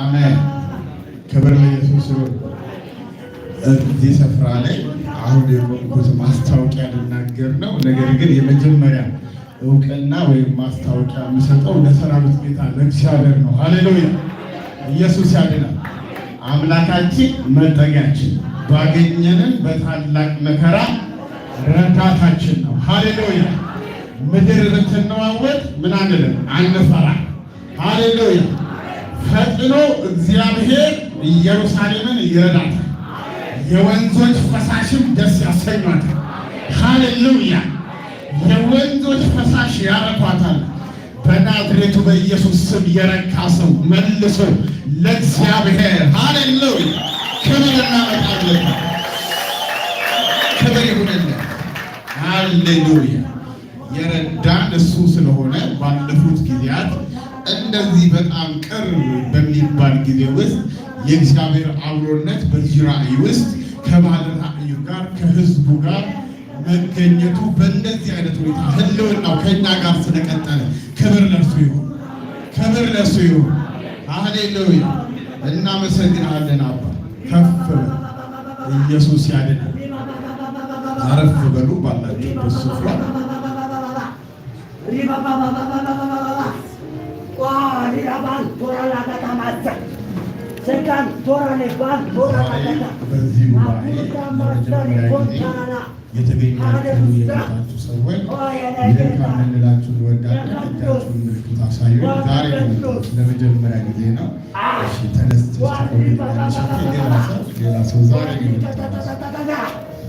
አሜን። ክብር ለኢየሱስ እዚህ ስፍራ ላይ አሁን የቆምኩት ማስታወቂያ ልናገር ነው። ነገር ግን የመጀመሪያ እውቅና ወይም ማስታወቂያ የምሰጠው ለሰራዊት ጌታ ለእግዚአብሔር ነው። ሃሌሉያ! ኢየሱስ ያድናል። አምላካችን መጠጊያችን፣ ባገኘንን በታላቅ መከራ ረዳታችን ነው። ሃሌሉያ! ምድር ብትነዋወጥ ምን አንልም አንፈራ። ሃሌሉያ! ፈጥኖ እግዚአብሔር ኢየሩሳሌምን ይረዳታል፣ የወንዞች ፈሳሽም ደስ ያሰኟታል። ሃሌሉያ! የወንዞች ፈሳሽ ያረኳታል። በናዝሬቱ በኢየሱስ ስም የረካ ሰው መልሶ ለእግዚአብሔር ሃሌሉያ ክብር እናመጣለን። ክብር ይሁንልን። ሃሌሉያ የረዳን እሱ ስለሆነ ባለፉት ጊዜያት እንደዚህ በጣም ቅርብ በሚባል ጊዜ ውስጥ የእግዚአብሔር አብሮነት በዚህ ራእይ ውስጥ ከባለ ራእዩ ጋር ከህዝቡ ጋር መገኘቱ በእንደዚህ አይነት ሁኔታ ህልውናው ከእኛ ጋር ስለቀጠለ ክብር ለእርሱ ይሁን፣ ክብር ለእርሱ ይሁን። ሃሌሉያ! እናመሰግናለን አባ። ከፍ ኢየሱስ ያድናል። አረፍ በሉ ባላችሁ በስፍራ የተገኛችሁ የቤታችሁ ሰዎች መልካም እንላችሁ እንወዳለን። እጃችሁን ምልክት አሳዩ። ዛሬ ለመጀመሪያ ጊዜ ነው። ተነስቶ ሌላ ሰው ዛሬ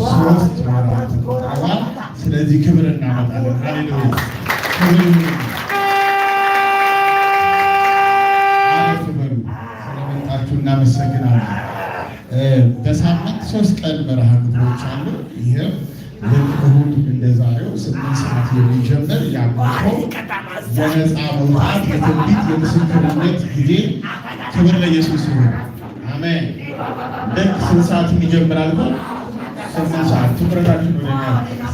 ሶስት በአራት ቁጠባ። ስለዚህ ክብር እናመጣለን። ሃሌሉያ ስለመጣችሁ እናመሰግናለን። በሳምንት ሶስት ቀን መርሃ ግብሮች አሉ። ይህም ልክ እሑድ እንደዛሬው ስምንት ሰዓት የሚጀምር ያቆ በነፃ መውጣት የትንቢት የምስክርነት ጊዜ። ክብር ለኢየሱስ ይሁን። አሜን። ልክ ስንት ሰዓት ይጀምራል? ስምንት ሰዓት ትኩረታችን ወደኛ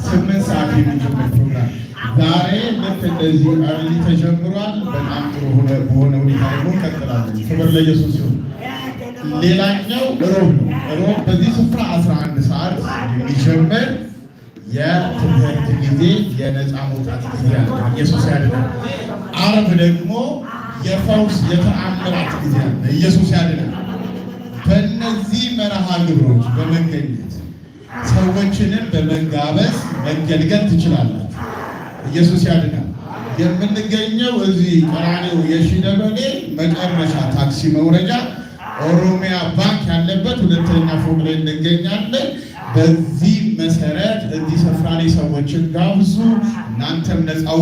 ስምንት ሰዓት የሚጀምር ፕሮግራም ዛሬ ልክ እንደዚህ አርሊ ተጀምሯል። በጣም ጥሩ በሆነ ሁኔታ ደግሞ ቀጥላለች። ክብር ለኢየሱስ ሲሆን ሌላኛው ሮብ ሮብ በዚህ ስፍራ 11 ሰዓት የሚጀምር የትምህርት ጊዜ የነፃ መውጣት ጊዜ ያለ ኢየሱስ ያድናል። አርብ ደግሞ የፈውስ የተአምራት ጊዜ ያለ ኢየሱስ ያድናል። በእነዚህ መርሃ ግብሮች በመገኘት ሰዎችንም በመጋበዝ መገልገል ትችላላችሁ። ኢየሱስ ያድናል። የምንገኘው እዚህ ቀራኔው የሺደበሌ መጨረሻ ታክሲ መውረጃ ኦሮሚያ ባንክ ያለበት ሁለተኛ ፎቅ ላይ እንገኛለን። በዚህ መሰረት እዚህ ስፍራ ላይ ሰዎችን ጋብዙ እናንተም ነፃ